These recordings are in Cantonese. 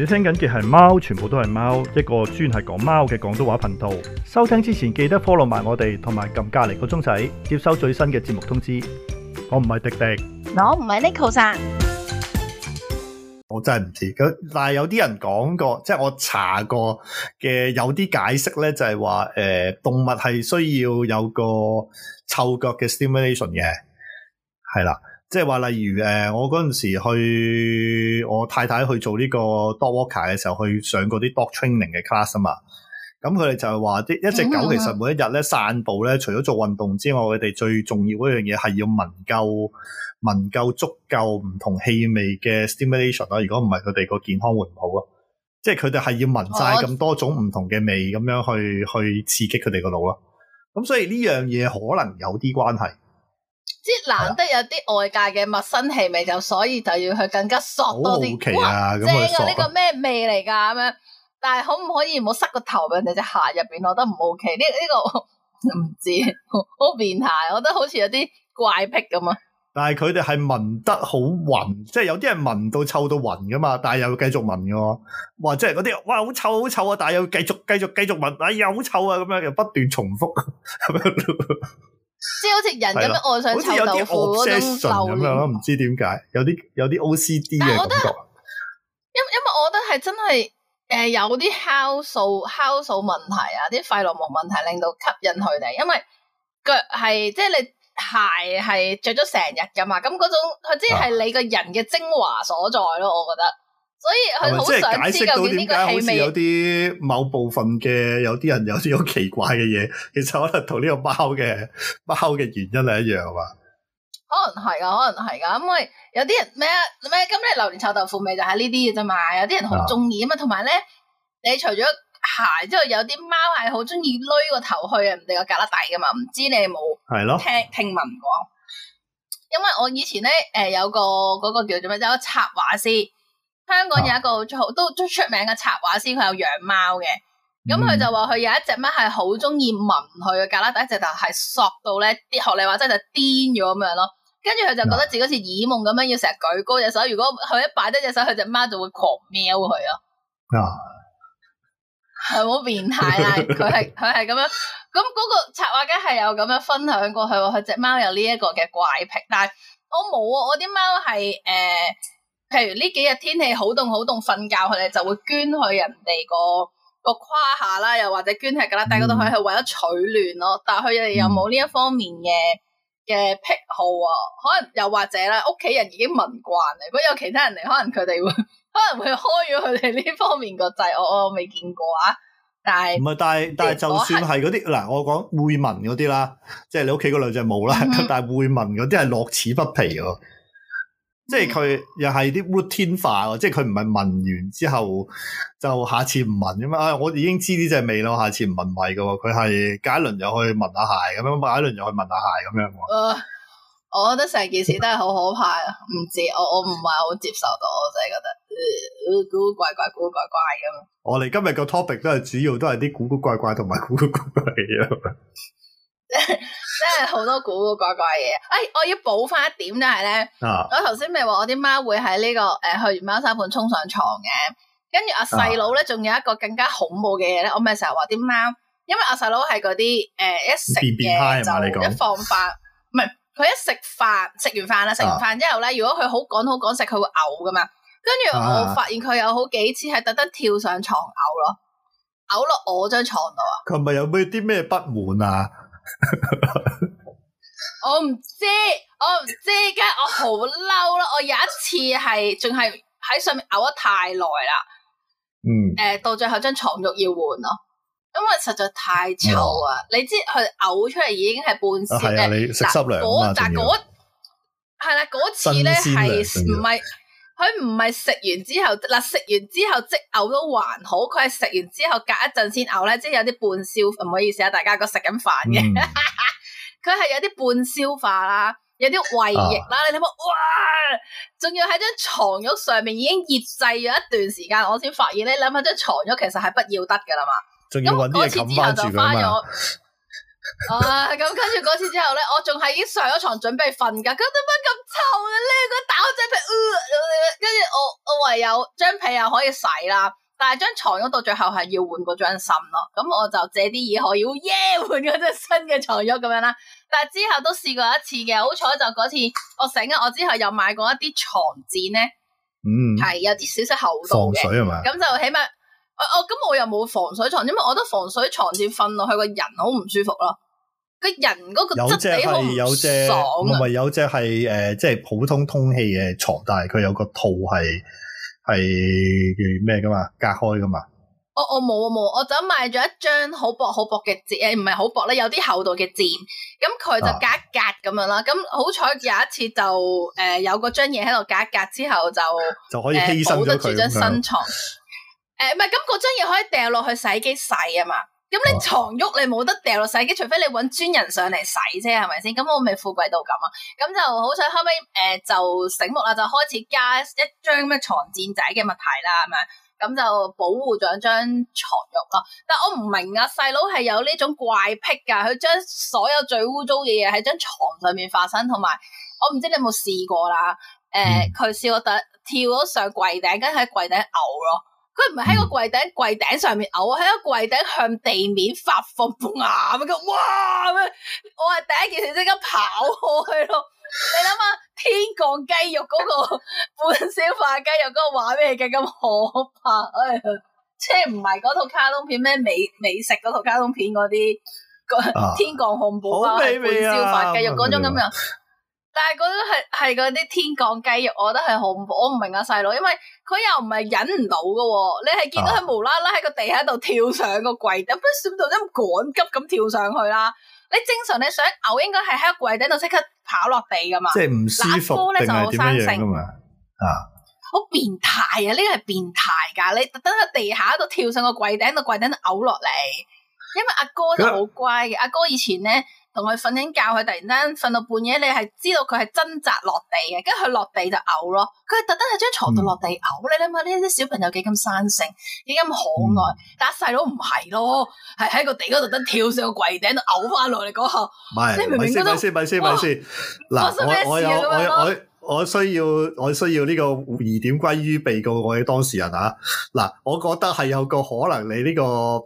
你聽緊嘅係貓，全部都係貓，一個專係講貓嘅廣東話頻道。收聽之前記得 follow 埋我哋，同埋撳隔籬個鐘仔，接收最新嘅節目通知。我唔係廸廸，我唔係 Neko，我真係唔知。但係有啲人講過，即係我查過嘅有啲解釋咧，就係話誒動物係需要有個嗅覺嘅 stimulation 嘅，係啦。即係話，例如誒，我嗰陣時去我太太去做呢個 dog walker 嘅時候，去上嗰啲 dog training 嘅 class 啊嘛。咁佢哋就係話，啲一隻狗其實每一日咧散步咧，除咗做運動之外，佢哋最重要嗰樣嘢係要聞夠，聞夠足夠唔同氣味嘅 stimulation 啦。如果唔係，佢哋個健康會唔好咯。即係佢哋係要聞晒咁多種唔同嘅味，咁樣去去刺激佢哋個腦咯。咁所以呢樣嘢可能有啲關係。啲難得有啲外界嘅陌生氣味，就所以就要去更加索多啲。哇，即係呢個咩味嚟噶？咁樣，但係可唔可以唔好塞個頭俾人哋隻鞋入邊？我覺得唔 OK。呢，呢個唔知，好變態，我覺得好似有啲怪癖咁啊。但係佢哋係聞得好暈，即係有啲人聞到臭到暈噶嘛，但係又繼續聞嘅。或者嗰啲哇，好臭好臭啊！但係又繼續繼續繼續聞，哎呀，好臭啊！咁樣又不斷重複。 好似人咁樣，愛上臭豆腐嗰種受咁樣咯，唔知點解，有啲有啲 OCD 嘅感覺。因因為我覺得係真係，誒，有啲酵素酵素問題啊，啲費洛蒙問題令到吸引佢哋。因為腳係即係你鞋係着咗成日㗎嘛，咁嗰種即係你個人嘅精華所在咯，我覺得。所以佢好想知究竟，呢個氣味有啲某部分嘅，味有啲人有啲好奇怪嘅嘢，其實可能同呢個包嘅包嘅原因係一樣啊？可能係噶，可能係噶，因為有啲人咩咩，咁你榴蓮臭豆腐味就係呢啲嘅啫嘛。有啲人好中意啊嘛，同埋咧，你除咗鞋之後，有啲貓係好中意匿個頭去啊，人哋個隔笠底噶嘛。唔知你有冇聽是的 聽聞過？因為我以前咧誒有個嗰個叫做乜就插畫師。香港有一個好出都最出名嘅插畫師，佢有養貓嘅，咁佢就話佢有一隻貓係好中意聞佢嘅隔籬，第一隻就係索到咧，學你話齋就癲咗咁樣咯。跟住佢就覺得自己好似耳夢咁樣，要成日舉高隻手。如果佢一擺低隻手，佢隻貓就會狂喵佢咯。啊，嗯，係好變態啦！佢係佢係咁樣，咁嗰個插畫家係有咁樣分享過，佢話佢隻貓有呢一個嘅怪癖。但係我冇啊，我啲貓係誒。呃譬如呢幾日天氣好凍好凍，瞓覺佢哋就會捐去人哋個個胯下啦，又或者捐係噶啦，但係嗰度佢係為咗取暖咯。但係佢哋有冇呢一方面嘅嘅癖好啊？可能又或者啦，屋企人已經聞慣啦。如果有其他人嚟，可能佢哋會可能會開咗佢哋呢方面個掣。我我未見過啊。但係唔係，但係但係，就算係嗰啲嗱，我講會聞嗰啲啦，即係你屋企嗰兩隻冇啦，嗯嗯但係會聞嗰啲係樂此不疲喎。即係佢又係啲 routine 化，即係佢唔係聞完之後就下次唔聞咁啊，我已經知呢隻味咯，下次唔聞埋噶喎？佢係隔一輪又去聞下鞋咁樣，隔一輪又去聞下鞋咁樣。誒，我覺得成件事都係好可怕，唔知，我我唔係好接受到，我真係覺得、呃、古古怪怪、古古怪怪咁。我哋今日個 topic 都係主要都係啲古古怪怪同埋古古怪怪嘅真係好多古古怪怪嘢，哎！我要補翻一點就係咧，我頭先咪話我啲貓會喺呢個誒去完貓砂盆衝上床嘅，跟住阿細佬咧仲有一個更加恐怖嘅嘢咧，我咪成日話啲貓，因為阿細佬係嗰啲誒一食嘢就係咁一放飯，唔係佢一食飯食完飯啦，食完飯之後咧，如果佢好趕好趕食，佢會嘔噶嘛，跟住我發現佢有好幾次係特登跳上床嘔咯，嘔落我張床度啊！佢咪有咩啲咩不滿啊？ 我唔知，我唔知，梗係我好嬲咯。我有一次係仲係喺上面嘔得太耐啦。嗯，誒，到最後張床褥要換咯，因為實在太臭、嗯、啊、啊。你知佢嘔出嚟已經係半死嘅。係啊，你食濕糧啊，仲要。係啦，嗰次咧係唔係？佢唔係食完之後嗱，食完之後即嘔都還好，佢係食完之後隔一陣先嘔咧，即係有啲半消，唔好意思啊，大家個食緊飯嘅，佢係、嗯、 有啲半消化啦，有啲胃液啦，啊、你睇下哇，仲要喺張床褥上面已經醃製咗一段時間，我先發現咧，你諗下張床褥其實係不要得噶啦嘛，仲要搵啲嘢冚翻住佢。 啊，咁跟住嗰次之後咧，我仲係已經上咗床準備瞓噶，點解咁臭嘅、啊、咧，你打我打開張被，跟、呃、住、呃、我，我唯有張被又可以洗啦，但係張床嗰到最後係要換過張芯咯，咁我就借啲嘢可以好耶換嗰張新嘅床褥咁樣啦，但係之後都試過一次嘅，好彩就嗰次我醒啊，我之後又買過一啲床墊咧，嗯，係有啲少少厚度嘅，咁就起碼。哦哦，咁、哦、我又冇防水床，因為我覺得防水床墊瞓落去個人好唔舒服咯。個人嗰個質地好唔爽啊，唔係有即係誒，即係普通通氣嘅床，但係佢有個套係係咩噶嘛，隔開噶嘛哦。哦，我冇啊冇，我就買咗一張好薄好薄嘅墊，誒，唔係好薄啦，有啲厚度嘅墊。咁佢就隔一隔咁樣啦。咁好彩有一次就誒、呃、有嗰張嘢，喺度隔一隔之後就就可以犧牲，保得住張新床。 誒，唔係咁，嗰張嘢可以掉落去洗衣機洗啊嘛。咁你床褥你冇得掉落洗衣機，除非你揾專人上嚟洗啫，係咪先？咁我咪富貴到咁啊。咁就好彩後尾，誒、欸、就醒目啦，就開始加一張咩床墊仔嘅物體啦，係咪？咁就保護咗張床褥咯。但係我唔明啊，細佬係有呢種怪癖噶，佢將所有最污糟嘅嘢喺張床上面發生，同埋我唔知你有冇試過啦。誒、欸，佢試、嗯、過特跳咗上櫃頂，跟住喺櫃頂嘔咯。佢唔係喺個櫃頂，櫃頂上面嘔啊！喺個櫃頂向地面發放牙啊！咁哇咩？我係第一件事即刻跑過去咯！你諗下天降雞肉嗰、嗰個半消化雞肉嗰個話咩嘅咁可怕啊、哎！即係唔係嗰套卡通片咩美美食嗰套卡通片嗰啲天降漢堡，啊半消化雞肉嗰、啊、種咁樣。 但係嗰啲係係嗰啲天降雞肉，我覺得係好唔，我唔明阿細佬，因為佢又唔係忍唔到噶，你係見到佢無啦啦喺個地下度跳上個櫃頂，點、啊、算到咁趕急咁跳上去啦？你正常你想嘔，應該係喺個櫃頂度即刻跑落地噶嘛？即係唔舒服，定係點樣啊？阿哥呢就好生性㗎嘛。好變態啊！呢個係變態噶，你特登喺地下度跳上個櫃頂，個櫃頂嘔落嚟，因為阿哥，哥就好乖嘅，阿那哥以前咧。同佢瞓緊覺，佢突然間瞓到半夜，你係知道佢係掙扎落地嘅，跟住佢落地就嘔咯。佢係特登喺張床度落地嘔，你諗下呢啲小朋友幾咁生性，幾咁可愛。但細佬唔係咯，係喺個地嗰度，特登跳上個櫃頂度嘔翻落嚟嗰下。唔係，咪先，咪先，咪先。嗱，我我我我需要我需要呢個疑點，關於被告我嘅當事人啊。嗱，我覺得係有個可能，你呢個。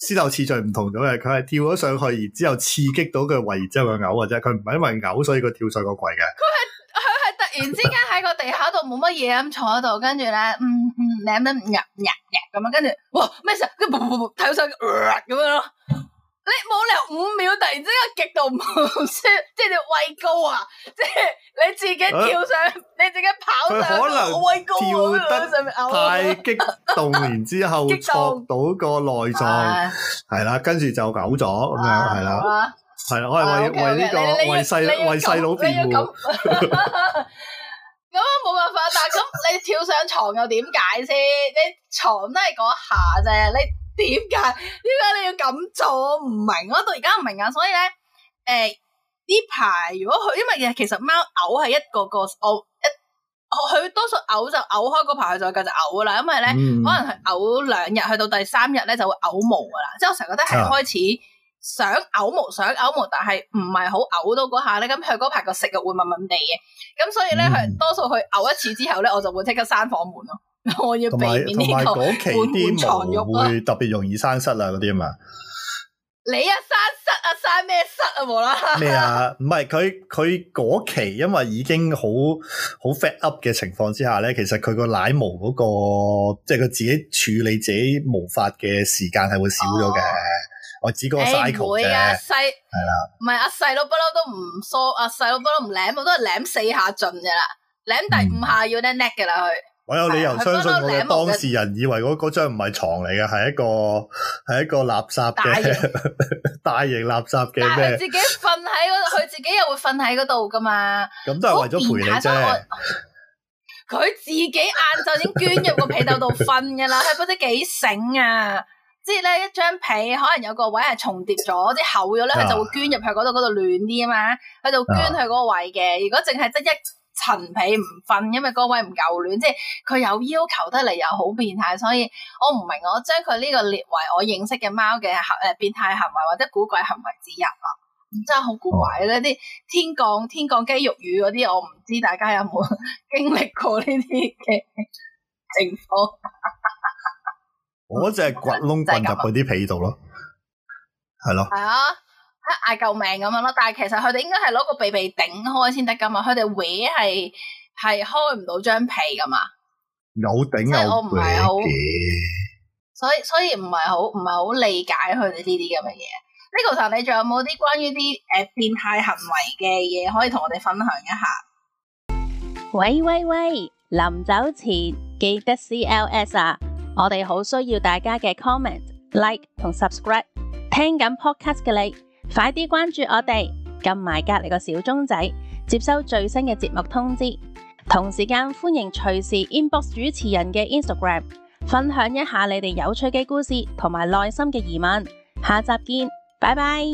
施豆次序唔同咗嘅，佢係跳咗上去，然之後刺激到佢胃之後，佢嘔，或者佢唔係因為嘔所以佢跳上個櫃嘅。佢係佢係突然之間喺個地下度冇乜嘢咁坐喺度，跟住咧，嗯嗯，舐一舐，舐舐舐咁樣，跟住，哇咩事？跟住噗噗噗跳上嚟咁、呃、樣咯。你冇理由五秒，突然之間極度唔舒服，即係畏高啊！即係你自己跳上，你自己跑上，可能跳得太激動，然之後戳到個內臟，係啦，跟住就嘔咗咁樣，係啦，係啦，我係為為呢個為細為細佬辯護。咁啊冇辦法，但咁你跳上床又點解先？你床都係嗰下啫，你。點解？點解你要咁做？我唔明，我到而家唔明啊。所以咧，誒呢排如果佢，因為其實貓嘔係一個個我一個，佢多數嘔就嘔開嗰排，佢再繼續就嘔噶啦。因為咧，嗯、可能係嘔兩日，去到第三日咧就會嘔毛噶啦。即係我成日覺得係開始想嘔毛，啊、想嘔毛，但係唔係好嘔到嗰下咧。咁佢嗰排個食欲會慢慢地嘅。咁所以咧，佢多數去嘔一次之後咧，我就會即刻閂房門咯。同埋同埋，嗰期啲毛會特別容易生虱啊，嗰啲啊嘛。你啊？生虱啊？生咩虱啊？無啦咩啊？唔係，佢佢嗰期，因為已經好好 fat up 嘅情況之下咧，其實佢個奶毛嗰個，即係佢自己處理自己毛髮嘅時間係會少咗嘅。我指個 cycle 啫。係啦，唔係，阿細佬不嬲都唔梳，阿細佬不嬲唔舐，我都係舐四下盡嘅啦，舐第五下要咧舐嘅啦佢。我有理由相信我嘅當事人以為嗰張唔係床嚟嘅，係一個係一個垃圾嘅大，型 大型垃圾嘅咩？自己瞓喺嗰度，佢自己又會瞓喺嗰度噶嘛？咁都係為咗陪你啫。佢自己晏晝已捐入個被竇度瞓嘅啦，佢 不知幾醒啊！即係咧一張被可能有個位係重疊咗，即係厚咗咧，佢就會捐入去嗰度，嗰度、啊、暖啲啊嘛，佢就捐去嗰位嘅。啊、如果淨係得一。陳皮唔瞓，因為嗰位唔夠暖，即係佢有要求得嚟又好變態，所以我唔明我將佢呢個列為我認識嘅貓嘅行誒變態行為或者古怪行為之一啊！真係好古怪嗰啲、嗯、天降天降雞肉雨嗰啲，我唔知大家有冇經歷過呢啲嘅情況。 我只係掘窿掘入嗰啲被度咯，係咯。 係啊的。 嗌、啊、救命咁樣咯，但係其實佢哋應該係攞個鼻鼻頂開先得噶嘛。佢哋搲係係開唔到張被噶嘛，有頂有被好？所以所以唔係好唔係好理解佢哋呢啲咁嘅嘢。呢個時候你仲有冇啲關於啲誒變態行為嘅嘢可以同我哋分享一下？喂喂喂，臨走前記得 C L S 啊！我哋好需要大家嘅 comment、like 同 subscribe。聽緊 podcast 嘅你。快啲關注我哋，撳埋隔籬個小鐘仔，接收最新嘅節目通知。同時間歡迎隨時 inbox 主持人嘅 Instagram，分享一下你哋有趣嘅故事同埋內心嘅疑問。下集見，拜拜。